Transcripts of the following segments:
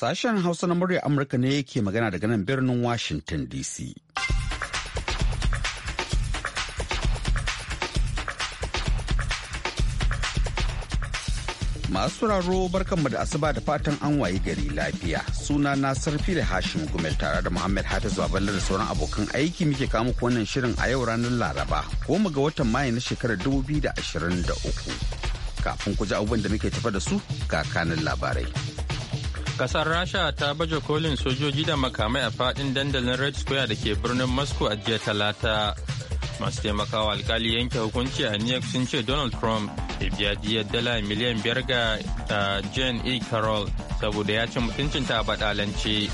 Sashen Hausa na murya Amurka ne yake magana daga nan birnin Washington DC. Masu raro barkanmu da asuba da fatan an wayi gari lafiya. Suna na sarfi da Hashim Gumel tare da Muhammad Hafiz Baballe da sauran abokan aiki muke kama wannan shirin a yau ranar Laraba, goma ga watan Mayu na shekarar 2023. Kafin ku ji abubuwan da muke tafa da su ga kanin labarai. Kasar Rasha ta baje kolin sojoji da makamai a fadin dandalin Red Square da ke birnin Moscow a jiya talata. Masu taimakawa alkali yanke hukunci a New York sun ce Donald Trump ya biya diyar dala miliyan biyar ga Jane E. Carroll saboda ya ci mutuncinta a badalance.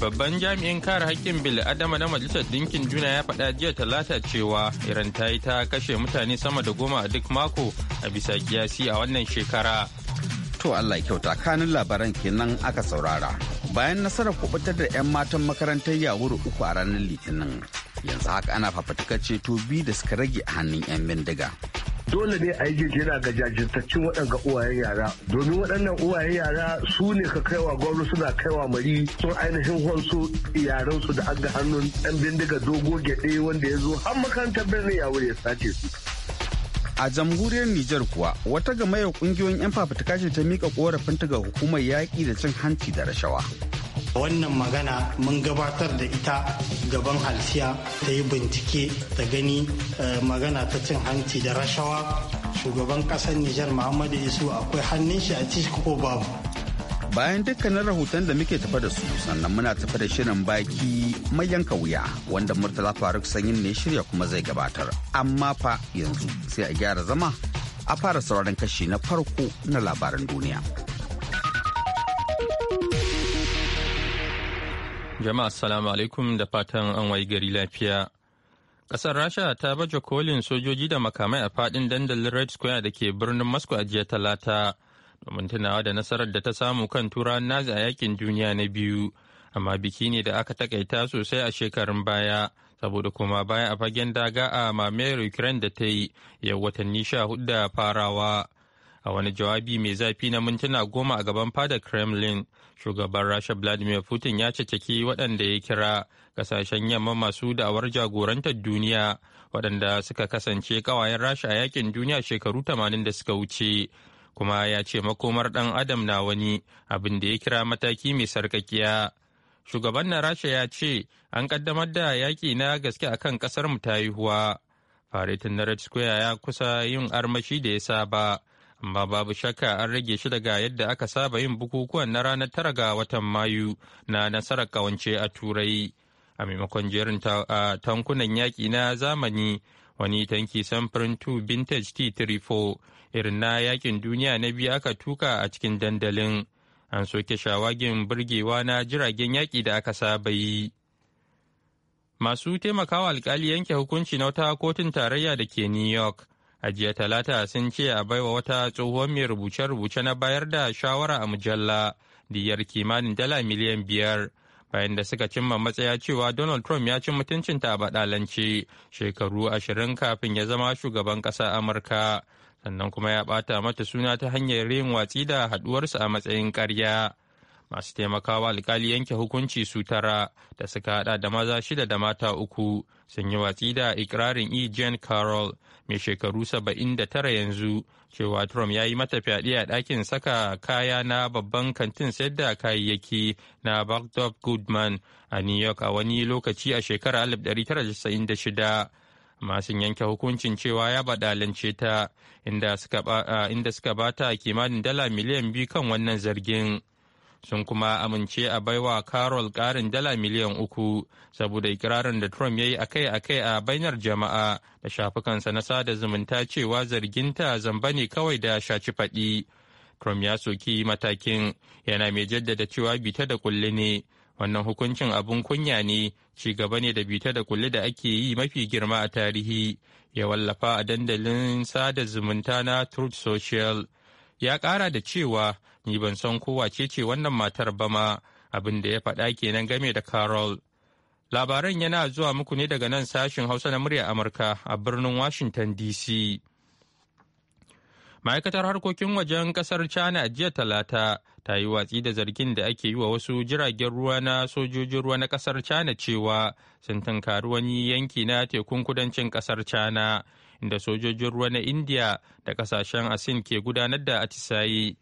Babban jami'in kare haƙƙin bil adama na Majalisar Dinkin juna ya faɗa jiya talata cewa Iran ta yi ta kashe mutane sama da goma a duk mako a bisa kiyasi a wannan shekara. To Allah kyauta kanin labaran kenan aka saurara. Bayan nasarar kubutar da 'yan matan makarantar yawuru uku a ranar Litinin, yanzu haka ana fafatukar ceto biyu da suka rage a hannun 'yan bindiga. dole ne a yi jinjina ga jajirtaccen waɗanga uwayen yara domin waɗannan uwayen yara su ne ka kaiwa gwamnu suna kaiwa mari sun ainihin hansu yaransu da aga hannun yan bindiga dogo gyaɗe wanda ya zo har makarantar birnin ya ya sace su a jamhuriyar Nijar kuwa wata gamayar kungiyoyin 'yan fafutuka ta mika korafinta ga hukumar yaƙi da cin hanci da rashawa. Wannan magana mun gabatar da ita gaban halsiya ta yi bincike ta gani eh, magana ta cin hanci da rashawa shugaban ƙasar Nijar Muhammadu Isu akwai hannun shi a cikin ko babu. bayan dukkanin rahoton da muke tafa da su sannan muna tafa da shirin baki mai yanka wuya wanda murtala faruk sanyin ne shirya kuma zai gabatar amma fa yanzu sai a gyara zama a fara sauraron kashi na farko na labaran duniya jama'a assalamu alaikum da fatan an wayi gari lafiya Ƙasar Rasha ta baje kolin sojoji da makamai a faɗin dandalin Red Square da ke birnin Moscow a jiya talata domin tunawa da nasarar da ta samu kan turan nazi a yakin duniya na biyu amma biki ne da aka takaita sosai a shekarun baya saboda kuma baya a fagen daga a mamayar ukraine da ta yi yau watanni sha hudu da farawa a wani jawabi mai zafi na mintuna goma a gaban fadar kremlin shugaban rasha vladimir putin ya ceceki waɗanda ya kira kasashen yamma masu da'awar jagorantar duniya waɗanda suka kasance ƙawayen rasha a yakin duniya shekaru 80 da suka wuce kuma ya ce makomar ɗan adam na wani abin da ya kira mataki mai sarkakiya shugaban na rasha ya ce an ƙaddamar da yaƙi na gaske akan ƙasar mu ta haihuwa faretin na red square ya kusa yin armashi da ya saba amma babu shakka an rage shi daga yadda aka saba yin bukukuwan na ranar tara ga watan mayu na nasarar kawance a turai a maimakon jerin tankunan yaƙi na zamani wani tanki samfurin 2 vintage t34 irin na yakin duniya na biyu aka tuka a cikin dandalin an soke shawagin burgewa na jiragen yaƙi da aka saba yi masu taimakawa alkali yanke hukunci na wata kotun tarayya da ke new york a talata sun ce a baiwa wata tsohuwar mai rubuce-rubuce na bayar da shawara a mujalla diyar kimanin dala miliyan biyar bayan da suka cimma matsaya cewa Donald Trump ya ci mutuncinta a baɗalance shekaru ashirin kafin ya zama shugaban ƙasa Amurka, sannan kuma ya ɓata mata suna ta hanyar yin watsi da haɗuwarsa a matsayin ƙarya. Masu taimakawa alkali yanke hukunci su tara da suka haɗa da maza shida da mata uku sun yi watsi da ikirarin E. jen Carroll mai shekaru 79 yanzu cewa Trump ya yi mata fyaɗe a ɗakin saka kaya na babban kantin sayar da kayayyaki na Baghdad Goodman a New York a wani lokaci a shekarar 1996. masu yanke hukuncin cewa ya badalance ta inda suka bata kimanin dala miliyan biyu kan wannan zargin. sun kuma amince a baiwa carol ƙarin dala miliyan uku saboda ikirarin da trump ya yi akai-akai a bainar jama'a da shafukansa na sada zumunta cewa zarginta zamba ne kawai da shaci faɗi trump ya soki matakin yana mai jaddada cewa bita da kulle ne wannan hukuncin abun kunya ne ci gaba ne da bita da kulle da ake yi mafi girma a tarihi ya wallafa a dandalin sada zumunta na truth social ya kara da cewa ni ban san ko wace ce wannan matar ba ma abin da ya faɗa kenan game da Carol. Labaran yana zuwa muku ne daga nan sashin Hausa na murya Amurka a birnin Washington DC. Ma'aikatar harkokin wajen ƙasar China jiya talata ta yi watsi da zargin da ake yi wa wasu jiragen ruwa na sojojin ruwa na ƙasar China cewa sun tunkari wani yanki na tekun kudancin ƙasar China inda sojojin ruwa na India da kasashen Asin ke gudanar da atisayi.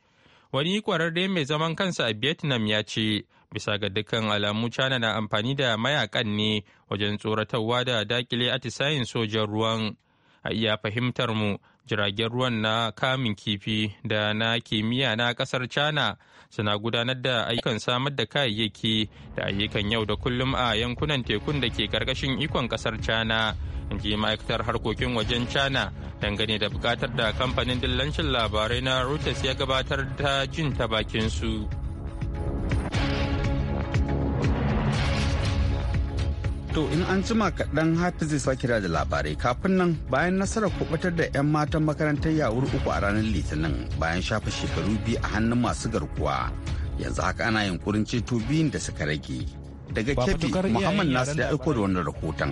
wani kwararre mai zaman kansa a vietnam ya ce bisa ga dukkan alamu china na amfani da mayakan ne wajen tsoratarwa da dakile atisayin sojan ruwan a iya fahimtar mu jiragen ruwan na kamun kifi da na kimiyya na kasar china suna gudanar da ayyukan samar da kayayyaki da ayyukan yau da kullum a yankunan tekun da ke karkashin ikon kasar china ji ma'aikatar harkokin wajen china dangane da bukatar da kamfanin dillancin labarai na reuters ya gabatar ta jin ta bakin su To in an jima kaɗan hafi zai kira da labarai kafin nan bayan nasarar kubutar da 'yan matan makarantar yawur uku a ranar litinin bayan shafa shekaru biyu a hannun masu garkuwa yanzu haka ana yunkurin ceto biyun da suka rage. Daga kebi Muhammad Nasu da aiko da wannan rahoton.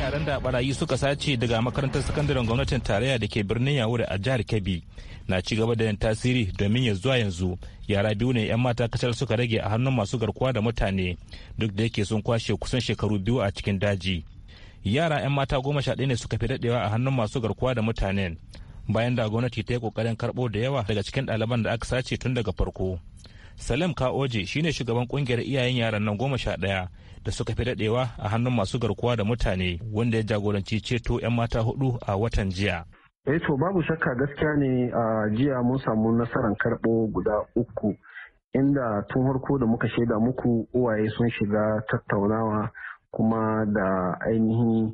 yaran da barayi suka sace daga makarantar sakandaren gwamnatin tarayya da ke birnin yawuri a jihar kebbi na ci gaba da yin tasiri domin ya zuwa yanzu yara biyu ne 'yan mata kacal suka rage a hannun masu garkuwa da mutane duk da yake sun kwashe kusan shekaru biyu a cikin daji yara 'yan mata goma sha ɗaya ne suka fi daɗewa a hannun masu garkuwa da mutane bayan da gwamnati ta yi kokarin karɓo da yawa daga cikin ɗaliban da aka sace tun daga farko salim ka'oje shine shugaban kungiyar iyayen yaran nan goma sha ɗaya da suka fi daɗewa a hannun masu garkuwa da mutane wanda ya jagoranci ceto 'yan mata hudu a watan jiya eh to babu shakka gaskiya ne a jiya mun samu nasarar karɓo guda uku inda tun farko da muka shaida muku uwaye sun shiga tattaunawa kuma da ainihin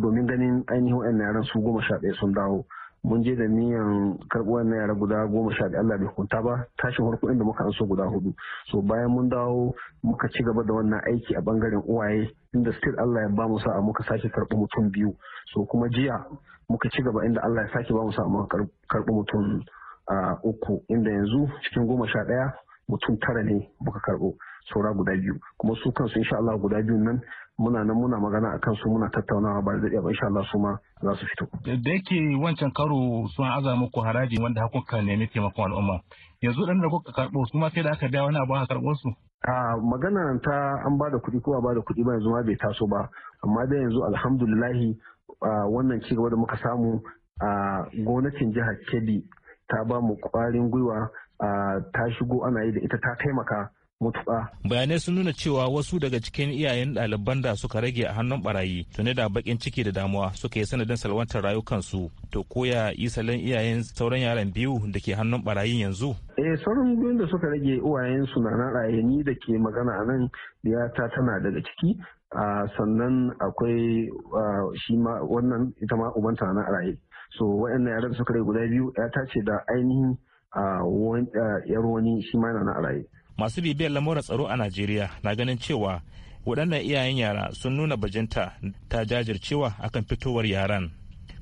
domin ganin ainihin wa'annan yaran su goma sha ɗaya sun dawo mun je da niyan karɓuwar na yara guda goma sha Allah bai kunta ba tashin farko inda muka anso guda hudu so bayan mun dawo muka ci gaba da wannan aiki a bangaren uwaye inda still Allah ya ba mu sa'a muka sake karɓi mutum biyu so kuma jiya muka ci gaba inda Allah ya sake ba mu sa'a muka karɓi mutum ah, uku inda yanzu cikin goma sha ɗaya mutum tara ne muka karɓo saura guda biyu kuma su kansu insha Allah guda biyu nan muna nan muna magana a kansu muna tattaunawa ba da ba insha Allah su ma za su fito. Da yake wancan karo sun aza muku haraji wanda hakuka nemi taimakon al'umma yanzu dan da kuka karɓo su ma sai da aka biya wani abu aka karɓo su. a magana ta an ba da kuɗi ko ba da kuɗi ba yanzu ma bai taso ba amma dai yanzu alhamdulillahi wannan ci gaba da muka samu a gwamnatin jihar kebbi ta ba mu ƙwarin gwiwa ta shigo ana yi da ita ta taimaka mutuƙa. Bayanai sun nuna cewa wasu daga cikin iyayen ɗaliban da suka rage a hannun barayi tuni da bakin ciki da damuwa suka yi sanadin salwantar rayukansu to koya isalin iyayen sauran yaran biyu da ke hannun barayin yanzu. Eh sauran biyun da suka rage uwayensu na na ni da ke magana a nan ta tana daga ciki ah, sannan akwai ah, shi ma wannan ita ma ubanta na raye. So waɗannan yaran suka rage guda biyu ya ce da ainihin ah, yar wani shi ma na raye. masu bibiyar lamuran tsaro a najeriya na ganin cewa waɗannan iyayen yara sun nuna bajinta ta jajircewa akan fitowar yaran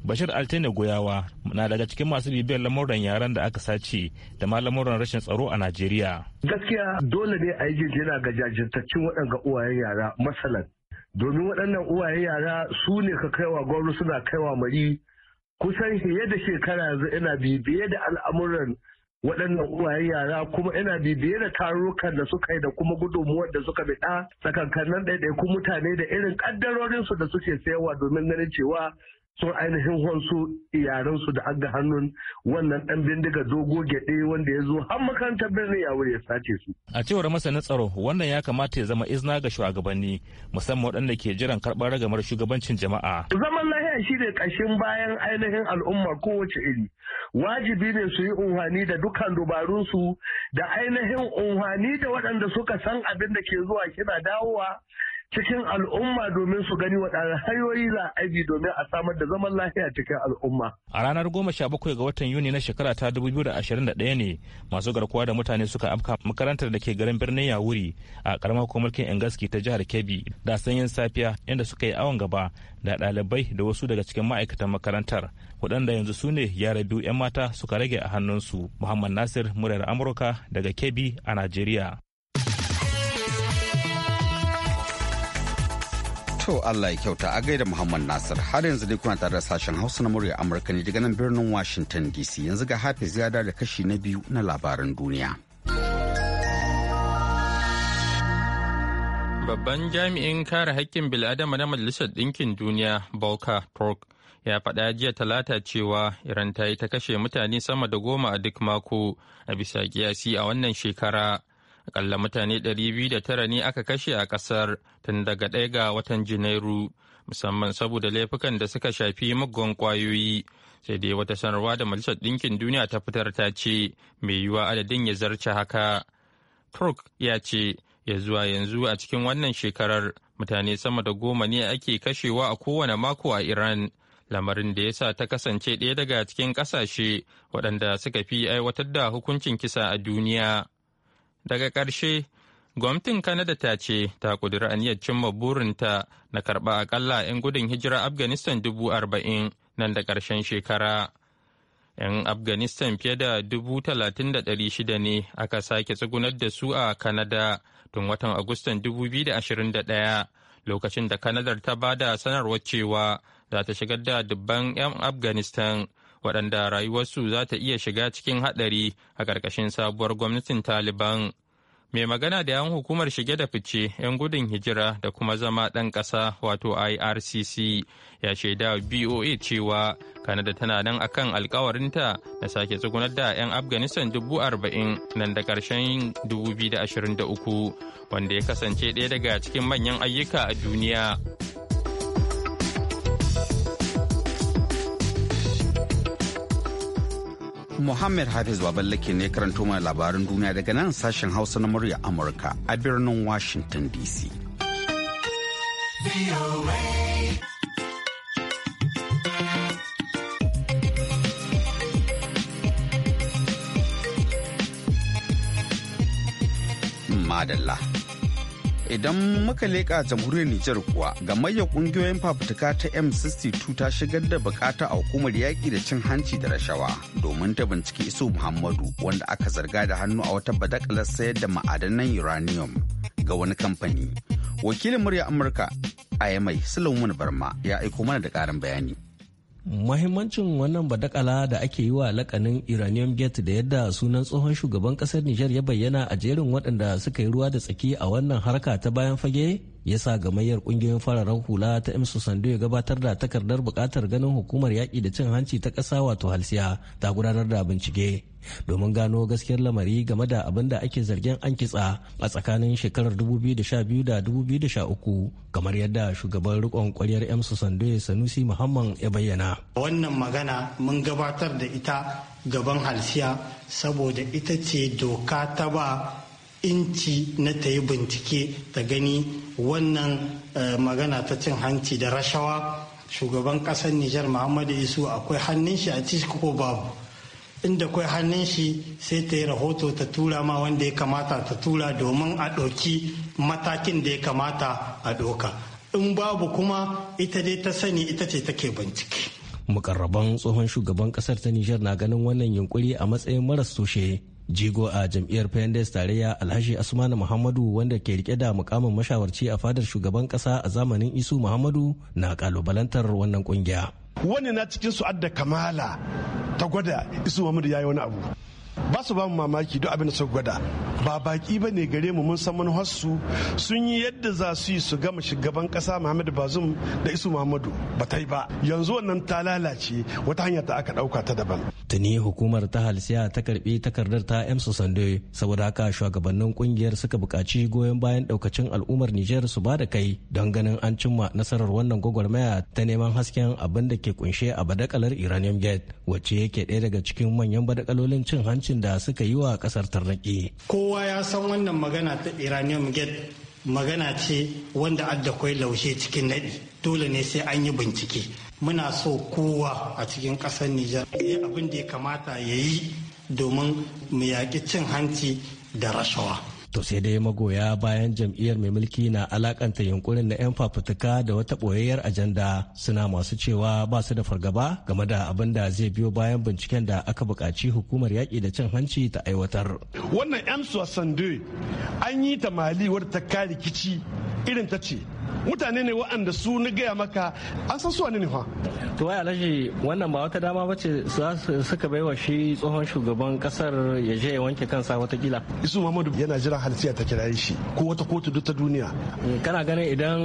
bashir altine goyawa na daga cikin masu bibiyar lamuran yaran da aka sace da ma lamuran rashin tsaro a najeriya gaskiya dole ne a yi ga jajirtaccen waɗanga uwayen yara masalan domin waɗannan uwayen yara su ne ka kaiwa gwamnati suna kaiwa mari kusan fiye da shekara yanzu ina bibiye da al'amuran waɗannan uwayen yara kuma ina bibiye da tarurrukan da suka yi da kuma gudunmuwar da suka biɗa tsakankanin ɗaiɗaikun mutane da irin ƙaddarorinsu da suke sayarwa domin ganin cewa sun ainihin hansu iyaransu da aga hannun wannan ɗan bindiga dogo gyaɗe wanda ya zo har makarantar birnin ya wuri ya sace su. A cewar masanin tsaro wannan ya kamata ya zama izina ga shugabanni musamman waɗanda ke jiran karɓar ragamar shugabancin jama'a. Zaman lahiya shi ne ƙashin bayan ainihin al'umma kowace iri. Wajibi ne su yi unhani da dukkan dubarunsu da ainihin unhani da waɗanda suka san abin da ke zuwa kina dawowa cikin al'umma domin su gani waɗanne hanyoyi za a bi domin a samar da zaman lafiya cikin al'umma. A ranar goma sha bakwai ga watan Yuni na shekara ta dubu biyu da ashirin da ɗaya ne masu garkuwa da mutane suka afka makarantar da ke garin birnin Yawuri a ƙaramar mulkin Engaski ta jihar Kebbi da sanyin safiya inda suka yi awon gaba da ɗalibai da wasu daga cikin ma'aikatan makarantar waɗanda yanzu su ne yara biyu 'yan mata suka rage a hannunsu. Muhammad Nasir muryar Amurka daga Kebbi a Najeriya. To Allah ya kyauta a gaida Muhammad Nasir har yanzu dai kuna tare da sashen Hausa na murya Amurka ne daga nan birnin Washington DC yanzu ga hafi ya da kashi na biyu na labaran duniya. Babban jami'in kare haƙƙin bil'adama na Majalisar Ɗinkin Duniya Volker Turk ya faɗa jiya talata cewa Iran ta yi ta kashe mutane sama da goma a duk mako a bisa kiyasi a wannan shekara. Akalla mutane 209 ne aka kashe a ƙasar tun daga ɗaya ga watan Janairu, musamman saboda laifukan da suka shafi muggan kwayoyi Sai dai wata sanarwa da Majalisar Ɗinkin Duniya ta fitar ta ce mai yiwuwa adadin ya zarce haka. Turk ya ce ya zuwa yanzu a cikin wannan shekarar mutane sama da goma ne ake kashewa a kowane mako a Iran. lamarin da ya sa ta kasance ɗaya daga cikin ƙasashe waɗanda suka fi aiwatar da hukuncin kisa a duniya. daga ƙarshe gwamnatin kanada ta ce ta ƙudiri aniyar cimma burinta na karɓa akalla 'yan gudun hijira afghanistan dubu arba'in nan da ƙarshen shekara 'yan afghanistan fiye da dubu talatin da ɗari shida ne aka sake tsugunar da su a kanada tun watan agustan dubu biyu da ashirin da ɗaya lokacin da kanadar ta ba da sanarwar cewa za ta shigar da dubban 'yan afghanistan waɗanda rayuwarsu za ta iya shiga cikin haɗari a ƙarƙashin sabuwar gwamnatin taliban mai magana da yan hukumar shige da fice 'yan gudun hijira da kuma zama ɗan ƙasa wato ircc ya shaida boa cewa kanada tana nan akan alkawarinta na sake tsugunar da 'yan afghanistan dubu arba'in nan da ƙarshen 2023 wanda ya kasance ɗaya daga cikin manyan ayyuka a duniya Muhammad Hafiz Baballake ne karanto mana labarin duniya daga nan sashen Hausa na murya Amurka a birnin Washington DC. Madalla. idan muka leƙa jamhuriyar Nijar kuwa gamayyar ƙungiyoyin fafutuka ta M62 ta shigar da bukata a hukumar yaƙi da cin hanci da rashawa domin ta binciki iso Muhammadu wanda aka zarga da hannu a wata badakalar sayar da ma'adanan uranium ga wani kamfani. Wakilin murya Amurka a Yamai Sulaiman Barma ya aiko mana da ƙarin bayani. Mahimmancin wannan badakala da ake yi wa lakanin Iranium Gate da yadda sunan tsohon shugaban kasar niger ya bayyana a jerin waɗanda suka yi ruwa da tsaki a wannan harka ta bayan fage ya sa gamayyar ƙungiyoyin fararen hula ta Imsu Sando ya gabatar da takardar bukatar ganin hukumar yaƙi da cin hanci ta ƙasa wato halsiya ta gudanar da bincike. domin gano gaskiyar lamari game da abin da ake zargin an kitsa a tsakanin shekarar 2012 da 2013 kamar yadda shugaban rikon kwaryar emsu sandoye sanusi muhammad ya bayyana wannan magana mun gabatar da ita gaban halsiya saboda ita ce doka ta ba inci na ta yi bincike ta gani wannan eh, magana ta cin hanci da rashawa shugaban ƙasar nijar muhammadu isu akwai hannun shi a cikin ko babu inda kai hannun shi sai ta yi rahoto ta tura ma wanda ya kamata ta tura domin a ɗauki matakin da ya kamata a ɗauka in babu kuma ita dai ta sani ita ce take bincike mukarraban tsohon shugaban kasar ta nijar na ganin wannan yunkuri a matsayin maras toshe jigo a jam'iyyar pendes tarayya alhaji asmanu muhammadu wanda ke rike da mukamin mashawarci a fadar shugaban kasa a zamanin isu muhammadu na kalubalantar wannan kungiya wani na cikin su adda kamala ta gwada isu muhammadu ya yi wani abu ba su ba mu mamaki duk abin da su gwada ba baki ba ne gare mu mun san manuhassu sun yi yadda za su yi su gama shugaban kasa muhammadu bazum da isu muhammadu ba ta yi ba yanzu wannan ta lalace wata hanya ta aka dauka ta daban tuni hukumar ta halsiya ta karbi takardar ta emsa sande saboda haka shugabannin kungiyar suka bukaci goyon bayan daukacin al'ummar niger su ba da kai don ganin an cimma nasarar wannan gwagwarmaya ta neman hasken abin da ke kunshe a badakalar iranium gate wacce yake ɗaya daga cikin manyan badakalolin cin hancin da suka yi wa ƙasar tarnaki kowa ya san wannan magana ta iranium gate magana ce wanda adda kwai laushe cikin naɗi dole ne sai an yi bincike muna so kowa a cikin ƙasar Nijar ya abin da ya kamata ya yi domin mu yaƙi cin hanci da rashawa. To sai dai magoya bayan jam'iyyar mai mulki na alakanta yunkurin na 'yan fafutuka da wata ɓoyayyar ajanda suna masu cewa ba su da fargaba game da abin da zai biyo bayan binciken da aka buƙaci hukumar yaƙi da cin hanci ta aiwatar. Wannan 'yan an yi ta mali wadda ta kare kici irin ta ce mutane ne waɗanda su na gaya maka an san suwa ne fa to wai alhaji wannan ba wata dama bace su suka baiwa shi tsohon shugaban kasar ya je ya wanke kansa watakila isu muhammadu yana jiran halsiya ta kira shi ko wata kotu duk ta duniya eh, kana ganin idan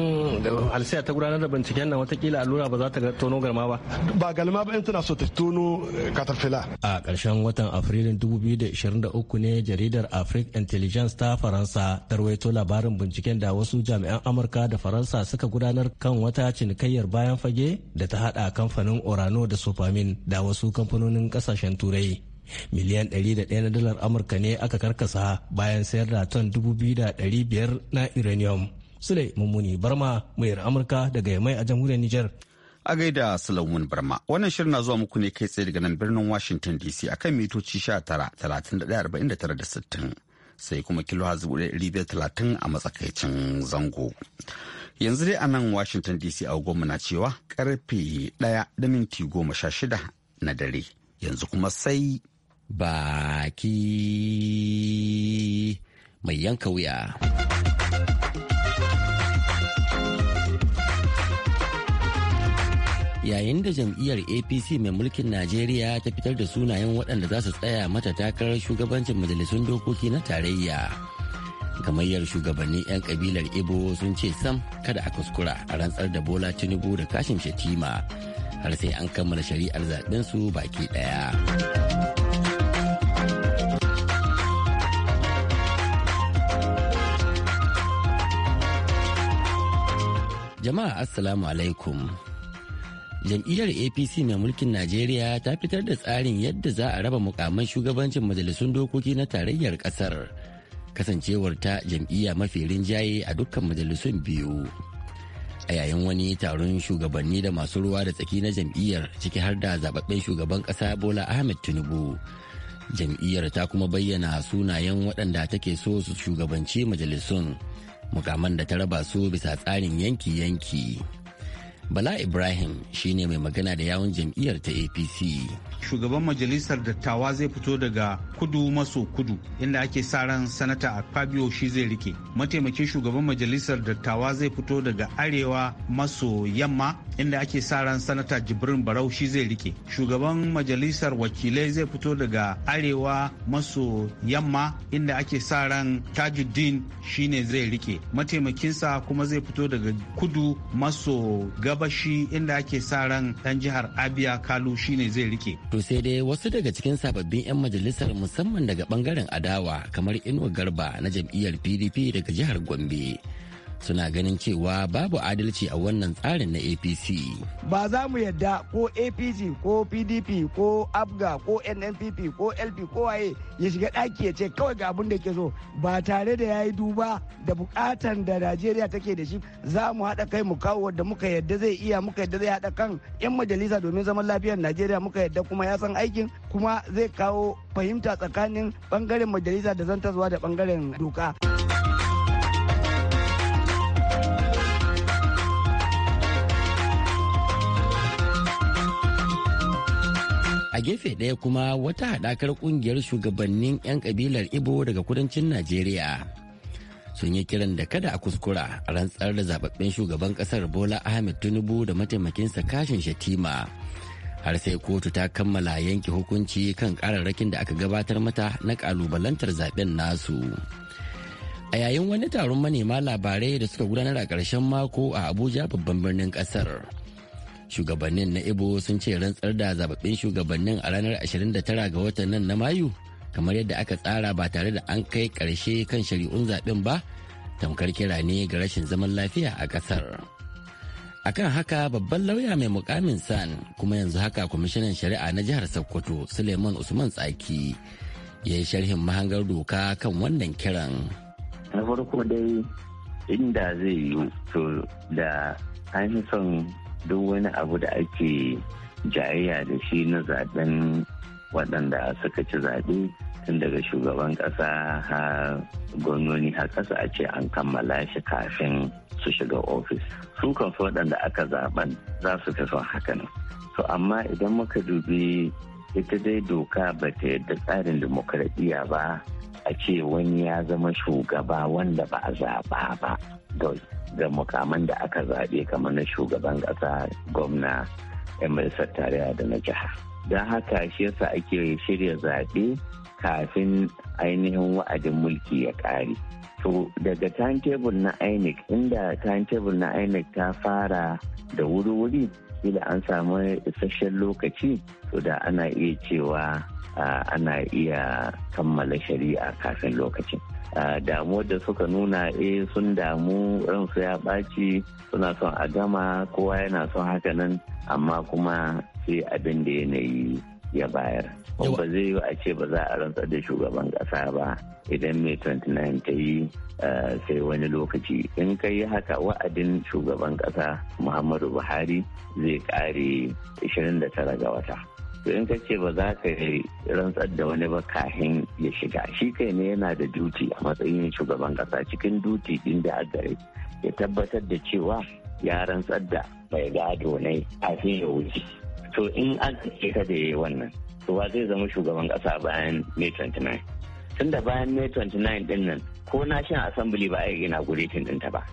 halsiya ta gudanar da binciken nan watakila allura ba za ta tono garma ba ba galma ba in tana so ta tono katafila. Eh, a karshen watan afrilun 2023 ne jaridar africa intelligence ta faransa ta rawaito labarin binciken da wasu jami'an amurka da faransa faransa suka gudanar kan wata cinikayyar bayan fage da ta hada kamfanin orano da sofamin da wasu kamfanonin kasashen turai miliyan 101 na dalar amurka ne aka karkasa bayan sayar da ton 2,500 na uranium sule mummuni barma mayar amurka daga yamai a jamhuriyar nijar. a gaida Sulaiman Barma. Wannan shirin na zuwa muku ne kai tsaye daga nan birnin Washington DC akan mitoci 19 31 60. sai kuma kilohertz talatin a matsakaicin zango. Yanzu dai a nan Washington DC agogonmu na cewa karfe ɗaya da minti goma sha shida na dare. Yanzu kuma sai baki mai yanka wuya. yayin da jam'iyyar apc mai mulkin najeriya ta fitar da sunayen waɗanda za su tsaya mata takarar shugabancin majalisun dokoki na tarayya gamayyar shugabannin 'yan kabilar ibo sun ce sam kada a kuskura a rantsar da bola tinubu da kashin shatima har sai an kammala shari'ar zaɓensu baki ɗaya jama'a assalamu alaikum jam'iyyar apc mai mulkin najeriya ta fitar da tsarin yadda za a raba mukamman shugabancin majalisun dokoki na tarayyar kasar kasancewar ta jam'iyya mafi rinjaye a dukkan majalisun biyu a yayin wani taron shugabanni da masu ruwa da tsaki na jam'iyyar ciki har da zababben shugaban kasa bola ahmed tinubu jam'iyyar ta kuma bayyana sunayen waɗanda take so su shugabanci majalisun mukaman da ta raba su bisa tsarin yanki-yanki. Bala Ibrahim shine mai magana da yawun jam'iyyar ta APC. shugaban majalisar dattawa zai fito daga kudu maso kudu inda ake sa ran sanata Fabio shi zai rike mataimakin shugaban majalisar dattawa zai fito daga arewa maso yamma inda ake sa ran sanata jibrin barau shi zai rike shugaban majalisar wakilai zai fito daga arewa maso yamma inda ake sa ran tajuddin ne zai rike mataimakinsa kuma zai fito daga kudu maso gabashi inda ake sa ran dan jihar abia kalu shi ne zai rike To sai dai wasu daga cikin sababbin 'yan majalisar musamman daga bangaren adawa kamar Inuwa Garba na jam'iyyar PDP daga jihar Gombe suna ganin cewa babu adalci a wannan tsarin na apc ba za mu yadda ko apc ko pdp ko abga ko nnpp ko lp ko waye ya shiga ɗaki ya ce kawai ga abin da ke so ba tare da ya yi duba da bukatan da najeriya take da shi za mu haɗa kai mu kawo wadda muka yadda zai iya muka yadda zai haɗa kan 'yan majalisa domin zaman lafiyar najeriya muka yadda kuma ya san aikin kuma zai kawo fahimta tsakanin bangaren majalisa da zantarwa da bangaren doka. a gefe ɗaya kuma wata haɗakar ƙungiyar shugabannin 'yan kabilar ibo daga kudancin najeriya sun yi kiran da kada a kuskura a rantsar da zababben shugaban ƙasar bola ahmed tinubu da sa kashin shatima har sai kotu ta kammala yanke hukunci kan kararrakin da aka gabatar mata na kalubalantar zaben nasu a yayin wani taron manema labarai da suka gudanar a ƙarshen mako a abuja babban birnin ƙasar. shugabannin na ibo sun ce rantsar da zababbin shugabannin a ranar 29 ga watan nan na mayu kamar yadda aka tsara ba tare da an kai karshe kan shari'un zaben ba tamkar kira ne ga rashin zaman lafiya a kasar akan haka babban lauya mai mukamin san kuma yanzu haka kwamishinan shari'a na jihar sokoto suleiman usman tsaki ya yi sharhin mahangar doka kan wannan kiran na farko dai inda zai yi to da an duk wani abu da ake jayayya da shi na zaben waɗanda suka ci zaɓe tun daga shugaban ƙasa har gwamnoni har ƙasa a ce an kammala shi kafin su shiga ofis su kansu waɗanda aka zaben za su fi son hakan to amma idan muka dubi ita dai doka ba ta yadda tsarin dimokuraɗiyya ba a ce wani ya zama shugaba wanda ba a zaɓa ba da mukaman da aka zaɓe kamar na shugaban ƙasa gwamna 'yan majalisar tarayya da na jiha don haka shi yasa ake shirya zaɓe kafin ainihin wa'adin mulki ya ƙare to daga timetable na inec inda timetable na inec ta fara da wuri-wuri ila an samu isasshen lokaci to da ana iya cewa ana iya kammala shari'a kafin lokacin damuwar da suka nuna eh sun damu ransu ya ɓaci suna son a gama kowa yana son haka nan amma kuma sai abin da yanayi ya bayar. ba zai yi a ce ba za a rantsar da shugaban kasa ba idan mai 29 ta yi eh, sai wani lokaci in ka yi haka wa'adin shugaban kasa muhammadu buhari zai kare 29 ga wata. to in ka ce ba za ka yi rantsar da wani ba kahin ya shiga shi kai ne yana da duti a matsayin shugaban kasa cikin duti din da a gare ya tabbatar da cewa ya rantsar da mai gado ne a kafin ya wuce to in an ce ka da yayi wannan to ba zai zama shugaban kasa bayan may 29 tun da bayan may 29 din nan ko national assembly ba a yi gina guretin ɗinta ba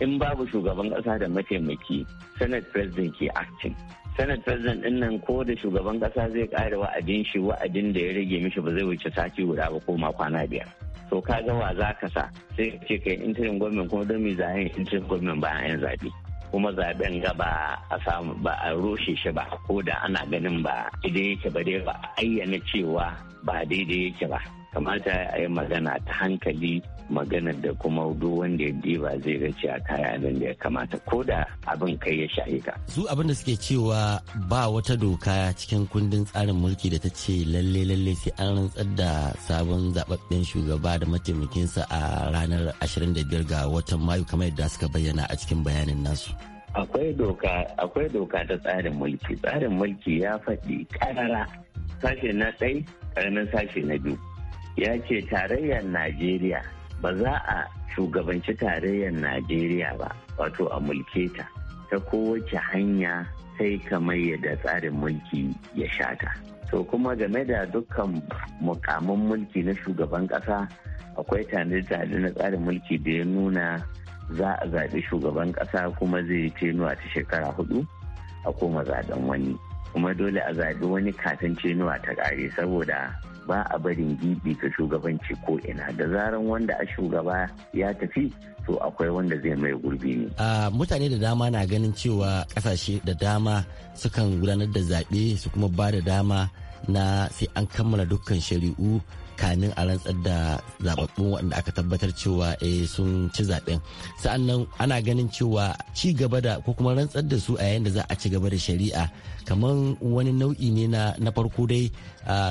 in babu shugaban kasa da mataimaki senate president ke acting senate president din nan ko da shugaban kasa zai kare wa'adin shi wa'adin da ya rage mishi ba zai wuce sati guda ba ko kwana biyar to ka ga wa za ka sa sai ce kai interim government kuma don mi zaɓen interim government bayan yin zaɓe kuma zaɓen ga ba a samu ba a roshe shi ba ko da ana ganin ba idan yake ba dai ba ayyana cewa ba daidai yake ba kamata a yi magana ta hankali maganar da kuma duk wanda ya diba zai ga a kaya nan da ya kamata ko da abin kai ya shahi ka. Su abin da suke cewa ba wata doka cikin kundin tsarin mulki da ta ce lalle lalle sai an rantsar da sabon zababben shugaba da mataimakinsa a ranar 25 ga watan Mayu kamar yadda suka bayyana a cikin bayanin nasu. Akwai doka akwai doka ta tsarin mulki tsarin mulki ya faɗi ƙarara sashe na ɗai ƙaramin sashe na biyu ya ce tarayyar najeriya ba za a shugabanci tarayyar najeriya ba wato a mulke ta ta kowace hanya sai kamar yadda tsarin mulki ya shata to kuma game da dukkan mukamin mulki na shugaban kasa akwai tanadi na tsarin mulki da ya nuna za a zaɓi shugaban ƙasa kuma zai nuwa ta shekara hudu a koma zaɓen wani kuma dole a zaɓi wani kafin tenuwa ta ƙare saboda ba a barin gibi ga shugabanci ko ina da zaran wanda a shugaba ya tafi to akwai wanda zai mai gurbi ne. A mutane da dama na ganin cewa kasashe da dama sukan gudanar da zaɓe su kuma ba da dama na sai an kammala dukkan shari'u kamin a rantsar da zababbun waɗanda aka tabbatar cewa eh sun ci zaɓen sa'annan ana ganin cewa ci gaba da ko kuma rantsar da su a yayin da za a ci gaba da shari'a kamar wani nau'i ne na farko dai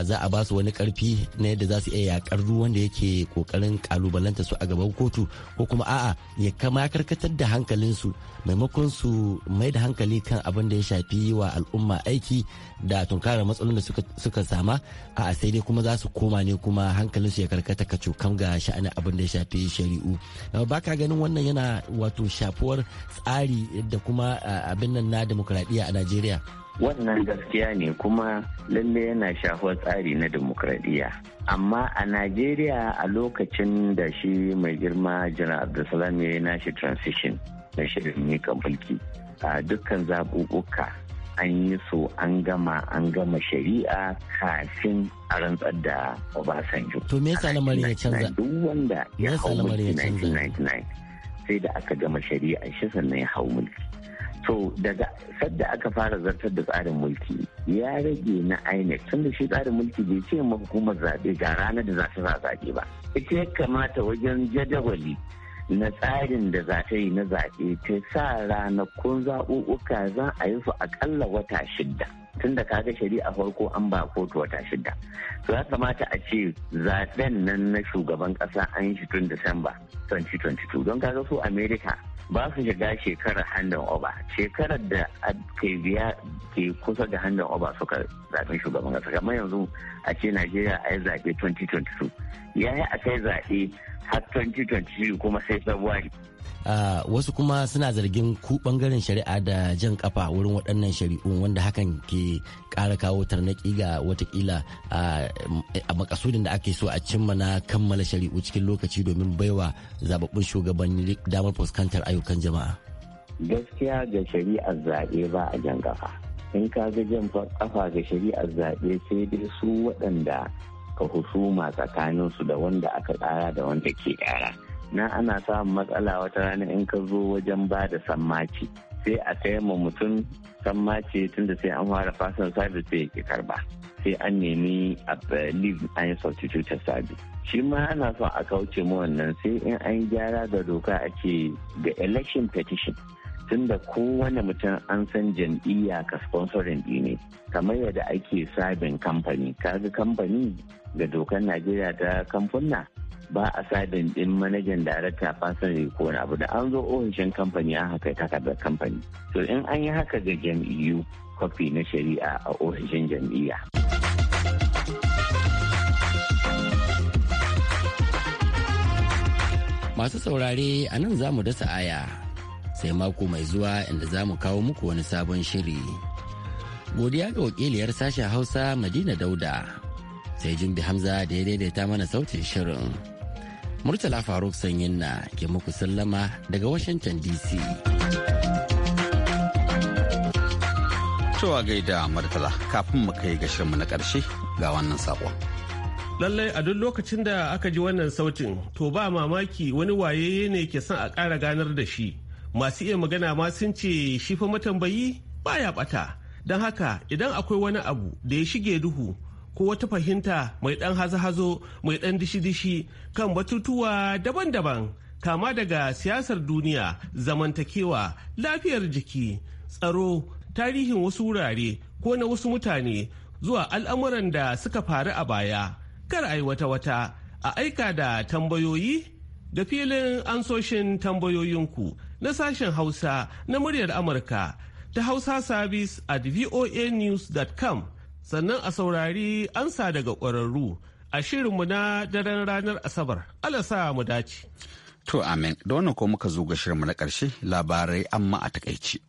za a ba su wani karfi na yadda za su iya yakar ruwan da yake kokarin kalubalanta su a gaban kotu ko kuma a'a ya kama karkatar da hankalinsu maimakon su mai da hankali kan abin da ya shafi wa al'umma aiki da tunkarar matsalolin da suka sama a sai dai kuma za su koma ne kuma hankalinsu ya karkata ka cokam ga sha'anin abin da ya shafi shari'u ba ka ganin wannan yana wato shafuwar tsari da kuma abin nan na demokradiyya a najeriya wannan gaskiya ne kuma lalle yana shafar tsari na demokradiyya amma a najeriya a lokacin da shi mai girma jana abdulsalam ya yi nashi transition na shirin mika mulki a dukkan zaɓuɓɓuka an yi so an gama an gama shari'a kafin a rantsar da obasanjo to me yasa lamarin ya canza duk wanda ya hau mulki 1999 sai da aka gama shari'a shi sannan ya hau mulki to daga sadda aka fara zartar da tsarin mulki ya rage na inec tun da shi tsarin mulki bai ce ma hukumar zaɓe ga ranar da za ta za zaɓe ba ita ya kamata wajen jadawali na tsarin da za ta yi na zaɓe ta sa ranakun zaɓuɓɓuka za a yi su akalla wata shidda tun da kaga shari'a farko an ba kotu wata shida to ya kamata a ce zaben nan na shugaban kasa an yi shi tun disamba 2022 don kaga su america ba su shiga shekarar hannun oba shekarar da ke biya ke kusa da hannun oba suka zaɓen shugaban kasa kamar yanzu a ce najeriya a yi zaɓe 2022 ya yi a kai zaɓe har 2022 kuma sai february Ah, wasu kuma suna zargin ku bangaren shari'a da jan kafa wurin waɗannan shari'un wanda hakan ke ƙara kawo tarnaƙi ga watakila ah, a makasudin da ake so a cimma na kammala shari'u cikin lokaci domin baiwa zababbun shugabanni damar fuskantar ayyukan jama'a. Gaskiya ga shari'ar zaɓe ba a jan kafa. In ka ga jan kafa ga shari'ar zaɓe sai dai su waɗanda ka husuma tsakaninsu da wanda aka tsara da wanda ke ƙara. na ana samun matsala wata rana in ka zo wajen ba da sammaci sai a kai ma mutum sammaci tunda sai an fara fasan sabis sai ke karba sai an nemi a leave an yi substitute service shi ma ana son a kauce mu wannan sai in an gyara da doka ake ga election petition tunda kowane mutum an san jam'iyya ka sponsorin ne kamar yadda ake sabin kamfani kaga kamfani ga dokar najeriya ta kamfuna ba a sabin din manajan darakta fasan ko wani abu da an zo ofishin kamfani an haka da kamfani to in an yi haka ga jam'iyyu kwafi na shari'a a ofishin jam'iyya. Masu saurare a nan za mu dasa aya sai mako mai zuwa inda za mu kawo muku wani sabon shiri. Godiya ga wakiliyar sashen Hausa Madina Dauda, sai Jumbi Hamza da ya daidaita mana sautin shirin. Murtala Faruk Sanyin na ke muku sallama daga Washington DC. Cewa gaida Murtala kafin mu kai ga shirinmu na ƙarshe ga wannan saƙon. lallai a duk lokacin da aka ji wannan sautin to ba mamaki wani waye ne ke son a ƙara ganar da shi masu iya magana ma sun ce shi fa matambayi baya bata don haka idan akwai wani abu da ya shige duhu ko wata fahimta mai dan hazo-hazo mai dan dishi-dishi kan batutuwa daban-daban kama daga siyasar duniya zamantakewa lafiyar jiki tsaro tarihin wasu wurare ko na wasu mutane zuwa al'amuran da suka faru a baya kar a yi wata-wata a aika da tambayoyi da filin ansoshin tambayoyinku na sashen Hausa na muryar Amurka ta Hausa Service at voanews.com sannan a saurari ansa daga ƙwararru a shirinmu na daren ranar Asabar. Alasa mu dace. To amin, da wannan ko muka zo ga shirinmu na ƙarshe labarai amma a takaici.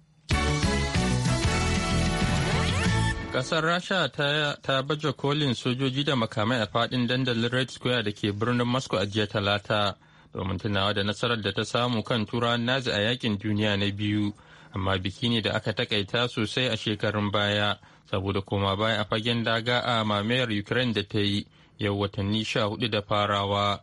Ƙasar Rasha ta, ta baje kolin sojoji da makamai a faɗin dandalin Red Square da ke birnin Moscow a jiya talata. domin tunawa da nasarar da ta samu kan turawan nazi a yakin duniya na biyu amma biki ne da aka takaita sosai a shekarun baya saboda koma baya a fagen daga a mamayar ukraine da ta yi yau watanni sha hudu da farawa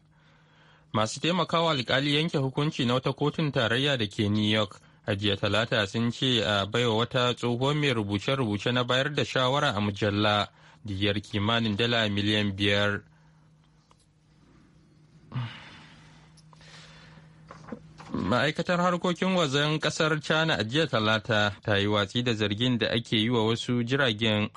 masu taimakawa alkali yanke hukunci na wata kotun tarayya da ke new york a talata sun ce a baiwa wata tsohuwar mai rubuce-rubuce na bayar da shawara a mujalla diyar kimanin dala miliyan biyar Ma'aikatar harkokin wajen kasar China a jiya talata ta yi watsi da zargin da ake yi wa wasu jiragen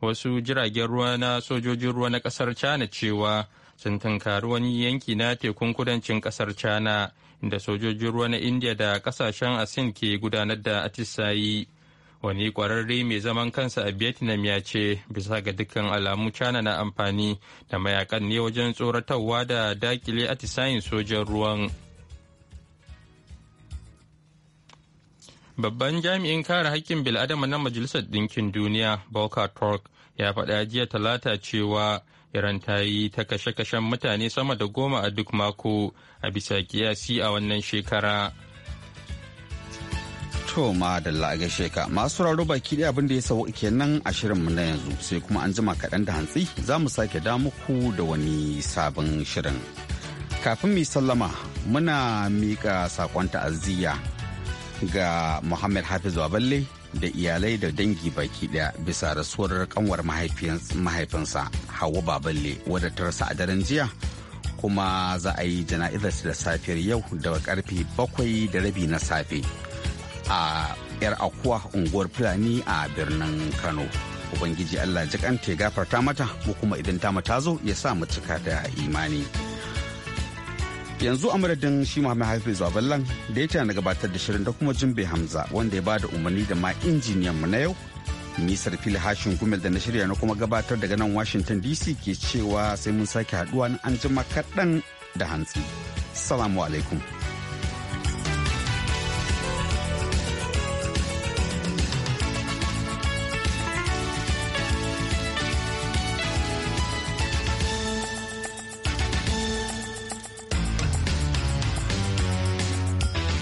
wasu jiragen ruwa na sojojin ruwa na kasar China cewa sun tunkari wani yanki na tekun kudancin kasar China inda sojojin ruwa na India da kasashen Asin ke gudanar da atisayi. Wani kwararre mai zaman kansa a Vietnam ya ce bisa ga dukkan alamu China na amfani da mayakan ne wajen tsoratarwa da dakile atisayin sojan ruwan. Babban jami'in kare haƙƙin bil'adama na Majalisar Ɗinkin Duniya, boka Turk, ya faɗa jiya talata cewa Iran ta yi ta kashe-kashen mutane sama da goma a duk mako a bisa kiyasi a wannan shekara. To ma da laga sheka masu raro baki da abinda da ya sauka nan a shirin mu na yanzu sai kuma an jima kaɗan da hantsi za mu sake da muku da wani sabon shirin. Kafin mu sallama muna miƙa sakon ta'aziyya ga Muhammad Hafiz Baballe da iyalai da dangi baki daya bisa rasuwar kanwar mahaifinsa Hawa Baballe wadda ta rasa a daren jiya kuma za a yi jana'izar da safiyar yau daga karfe bakwai da rabi na safe a yar akuwa unguwar fulani a birnin Kano. Ubangiji Allah jikanta ya gafarta mata ko kuma idan ta mata zo ya sa mu cika da imani. yanzu a madadin shi Muhammad Hafiz Baballan da ya tana gabatar da shirin da kuma jimbe Hamza wanda ya bada umarni da ma injiniyan mu na yau. Nisar fili hashin gumel da na shirya na kuma gabatar daga nan Washington DC ke cewa sai mun sake haduwa na an jima kaɗan da hantsi. Salamu alaikum.